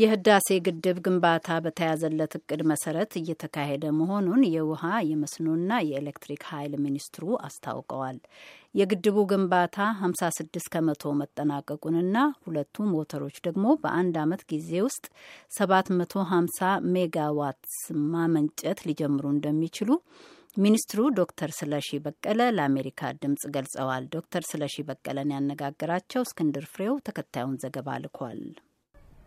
የህዳሴ ግድብ ግንባታ በተያዘለት እቅድ መሰረት እየተካሄደ መሆኑን የውሃ የመስኖና የኤሌክትሪክ ኃይል ሚኒስትሩ አስታውቀዋል። የግድቡ ግንባታ 56 ከመቶ መጠናቀቁንና ሁለቱ ሞተሮች ደግሞ በአንድ ዓመት ጊዜ ውስጥ 750 ሜጋዋት ማመንጨት ሊጀምሩ እንደሚችሉ ሚኒስትሩ ዶክተር ስለሺ በቀለ ለአሜሪካ ድምጽ ገልጸዋል። ዶክተር ስለሺ በቀለን ያነጋገራቸው እስክንድር ፍሬው ተከታዩን ዘገባ ልኳል።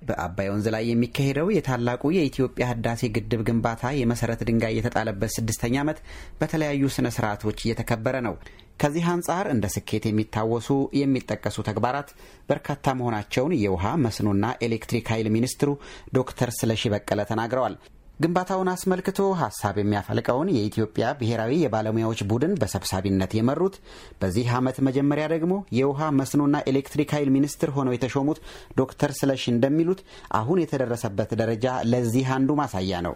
በአባይ ወንዝ ላይ የሚካሄደው የታላቁ የኢትዮጵያ ህዳሴ ግድብ ግንባታ የመሰረት ድንጋይ የተጣለበት ስድስተኛ ዓመት በተለያዩ ስነ ስርዓቶች እየተከበረ ነው። ከዚህ አንጻር እንደ ስኬት የሚታወሱ የሚጠቀሱ ተግባራት በርካታ መሆናቸውን የውሃ መስኖና ኤሌክትሪክ ኃይል ሚኒስትሩ ዶክተር ስለሺ በቀለ ተናግረዋል። ግንባታውን አስመልክቶ ሀሳብ የሚያፈልቀውን የኢትዮጵያ ብሔራዊ የባለሙያዎች ቡድን በሰብሳቢነት የመሩት በዚህ ዓመት መጀመሪያ ደግሞ የውሃ መስኖና ኤሌክትሪክ ኃይል ሚኒስትር ሆነው የተሾሙት ዶክተር ስለሺ እንደሚሉት አሁን የተደረሰበት ደረጃ ለዚህ አንዱ ማሳያ ነው።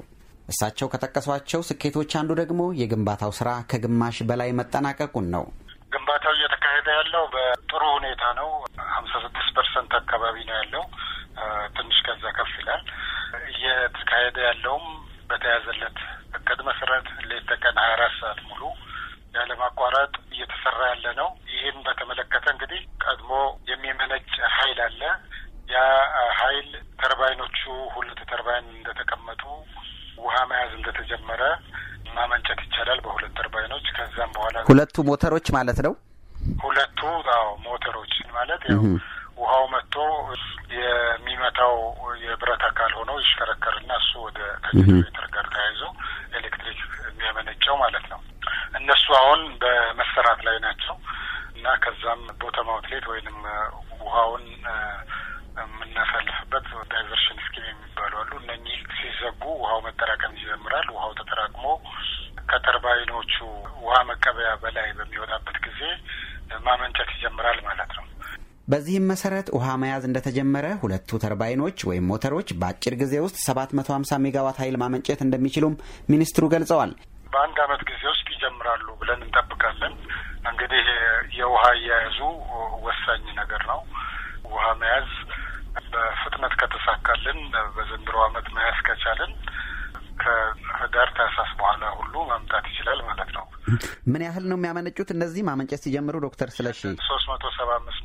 እሳቸው ከጠቀሷቸው ስኬቶች አንዱ ደግሞ የግንባታው ስራ ከግማሽ በላይ መጠናቀቁን ነው። ግንባታው እየተካሄደ ያለው በጥሩ ሁኔታ ነው። ሀምሳ ስድስት ፐርሰንት አካባቢ ነው ያለው። ትንሽ ከዛ ያለውም በተያዘለት እቅድ መሰረት ሌት ተቀን ሀያ አራት ሰዓት ሙሉ ያለማቋረጥ እየተሰራ ያለ ነው። ይህም በተመለከተ እንግዲህ ቀድሞ የሚመነጭ ኃይል አለ። ያ ኃይል ተርባይኖቹ ሁለት ተርባይን እንደተቀመጡ ውሃ መያዝ እንደተጀመረ ማመንጨት ይቻላል በሁለት ተርባይኖች። ከዛም በኋላ ሁለቱ ሞተሮች ማለት ነው። ሁለቱ ሞተሮች ማለት ያው ውሃው መጥቶ የሚመታው የብረት አካል ሆኖ ይሽከረከርና እሱ ወደ ከጀኔሬተር ጋር ተያይዞ ኤሌክትሪክ የሚያመነጨው ማለት ነው። እነሱ አሁን በመሰራት ላይ ናቸው እና ከዛም ቦተም አውትሌት ወይንም ውሃውን የምናሳልፍበት ዳይቨርሽን ስኪም የሚባሉ አሉ። እነኚህ ሲዘጉ ውሃው መጠራቀም ይጀምራል። ውሃው ተጠራቅሞ ከተርባይኖቹ ውሃ መቀበያ በላይ በሚወጣበት ጊዜ ማመንጨት በዚህም መሰረት ውሃ መያዝ እንደተጀመረ ሁለቱ ተርባይኖች ወይም ሞተሮች በአጭር ጊዜ ውስጥ 750 ሜጋዋት ኃይል ማመንጨት እንደሚችሉም ሚኒስትሩ ገልጸዋል። በአንድ ዓመት ጊዜ ውስጥ ይጀምራሉ ብለን እንጠብቃለን። እንግዲህ የውሃ አያያዙ ወሳኝ ነገር ነው። ውሃ መያዝ በፍጥነት ከተሳካልን በዘንድሮ ዓመት መያዝ ከቻልን ከህዳር ታህሳስ በኋላ ሁሉ ማምጣት ይችላል ማለት ነው። ምን ያህል ነው የሚያመነጩት? እነዚህ ማመንጨት ሲጀምሩ ዶክተር ስለሺ ሶስት መቶ ሰባ አምስት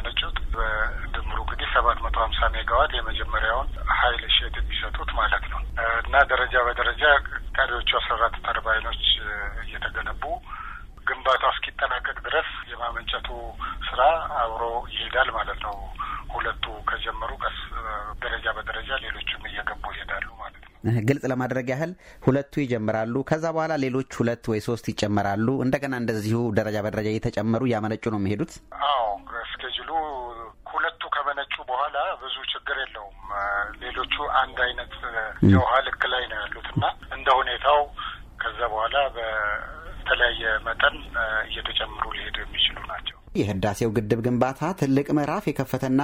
የመነጩት በድምሩ እንግዲህ ሰባት መቶ ሀምሳ ሜጋዋት የመጀመሪያውን ሀይል ሼድ የሚሰጡት ማለት ነው እና ደረጃ በደረጃ ቀሪዎቹ አስራ አራት ተርባይኖች እየተገነቡ ግንባታው እስኪጠናቀቅ ድረስ የማመንጨቱ ስራ አብሮ ይሄዳል ማለት ነው። ሁለቱ ከጀመሩ ቀስ ደረጃ በደረጃ ሌሎቹም እየገቡ ይሄዳሉ ማለት ነው። ግልጽ ለማድረግ ያህል ሁለቱ ይጀምራሉ። ከዛ በኋላ ሌሎች ሁለት ወይ ሶስት ይጨመራሉ። እንደገና እንደዚሁ ደረጃ በደረጃ እየተጨመሩ እያመነጩ ነው የሚሄዱት። አዎ ሲባሉ ሁለቱ ከመነጩ በኋላ ብዙ ችግር የለውም። ሌሎቹ አንድ አይነት የውሃ ልክ ላይ ነው ያሉት እና እንደ ሁኔታው ከዛ በኋላ በተለያየ መጠን እየተጨምሩ ሊሄዱ የሚችሉ ናቸው። የህዳሴው ግድብ ግንባታ ትልቅ ምዕራፍ የከፈተና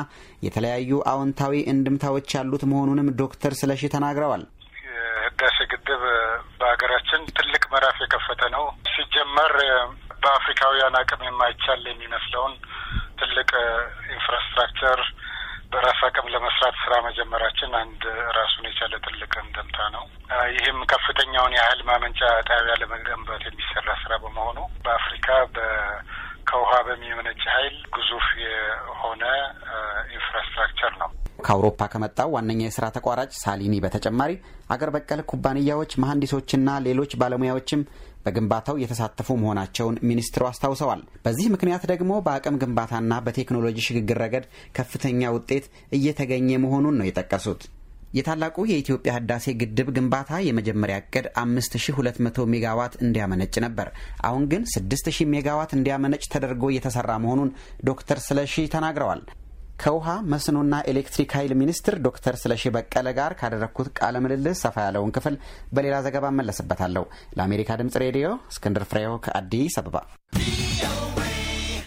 የተለያዩ አዎንታዊ እንድምታዎች ያሉት መሆኑንም ዶክተር ስለሺ ተናግረዋል። የህዳሴ ግድብ በሀገራችን ትልቅ ምዕራፍ የከፈተ ነው። ሲጀመር በአፍሪካውያን አቅም የማይቻል የሚመስለውን ትልቅ ኢንፍራስትራክቸር በራስ አቅም ለመስራት ስራ መጀመራችን አንድ ራሱን የቻለ ትልቅ እንደምታ ነው። ይህም ከፍተኛውን የኃይል ማመንጫ ጣቢያ ለመገንባት የሚሰራ ስራ በመሆኑ በአፍሪካ ከውሃ በሚመነጭ ኃይል ግዙፍ የሆነ ኢንፍራስትራክቸር ነው። ከአውሮፓ ከመጣው ዋነኛ የስራ ተቋራጭ ሳሊኒ በተጨማሪ አገር በቀል ኩባንያዎች፣ መሐንዲሶችና ሌሎች ባለሙያዎችም በግንባታው የተሳተፉ መሆናቸውን ሚኒስትሩ አስታውሰዋል። በዚህ ምክንያት ደግሞ በአቅም ግንባታና በቴክኖሎጂ ሽግግር ረገድ ከፍተኛ ውጤት እየተገኘ መሆኑን ነው የጠቀሱት። የታላቁ የኢትዮጵያ ህዳሴ ግድብ ግንባታ የመጀመሪያ እቅድ 5200 ሜጋዋት እንዲያመነጭ ነበር። አሁን ግን 6000 ሜጋዋት እንዲያመነጭ ተደርጎ እየተሰራ መሆኑን ዶክተር ስለሺ ተናግረዋል። ከውሃ መስኖና ኤሌክትሪክ ኃይል ሚኒስትር ዶክተር ስለሺ በቀለ ጋር ካደረግኩት ቃለ ምልልስ ሰፋ ያለውን ክፍል በሌላ ዘገባ እመለስበታለሁ። ለአሜሪካ ድምጽ ሬዲዮ እስክንድር ፍሬው ከአዲስ አበባ